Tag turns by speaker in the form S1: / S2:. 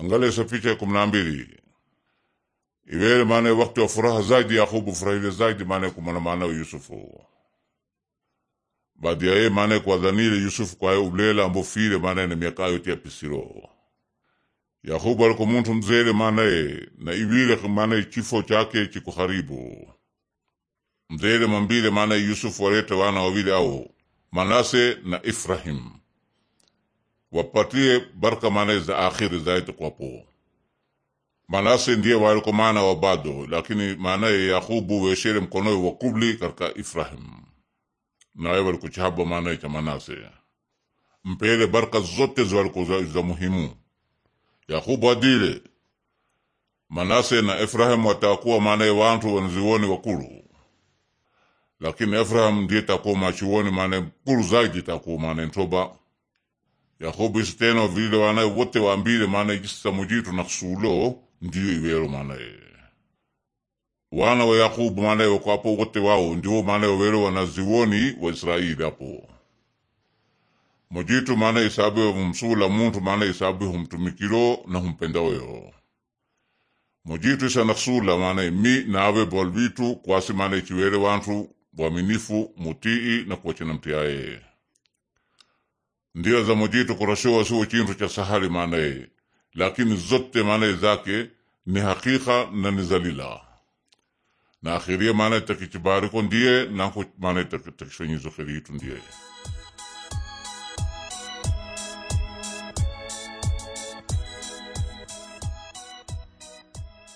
S1: Angalia picha ya kumi na mbili iwele maana wakati wa furaha zaidi Yakubu furahile zaidi maana kumana maana Yusufu baadi yaye maana dhanile Yusufu kwaye ulela ambo file maana na miaka yote yapisiro Yakubu aliko muntu mzele maanaye na iwile maana chifo chake chikuharibu mzele mambile maana Yusufu walete wana wawili au Manase na Ifrahim wapatie baraka maana za akhiri zaitakuwapo manase ndiye waliko maana wa bado lakini maanaye Yakubu weshere mkonowe wa kubli katika Ifrahim nawe walikuchihaba maanaye cha manase mpele baraka zote za za muhimu Yakubu adile manase na Ifrahim watakuwa maanaye wantu wanziwoni wakulu lakini Ifrahim ndiye takuwa machiwoni maana mkulu zaidi takuwa maanaye ntoba Yakobo isitena vile wanae wote wambile maana mujitu na kusulo ndiyo iwero maanaye wana wa Yakobo maanaye wako hapo wote wao ndio maanaye wawero ziwoni wa Israeli hapo mojitu maana isabu humsula muntu maana isabu humtumikilo na humpendaweyo mojitu isa nakusula maana mi nawe bolvitu kwasi maana chiwere wantu waminifu mutii na kuwachina mtiaye ndio za mojito kurashowa suwo chintu cha sahali maanaye lakini zote maanaye zake ni hakika na ni zalila na akhiria maanaye takichibariko ndiye nako maanaye takishonyizo kheri ndiye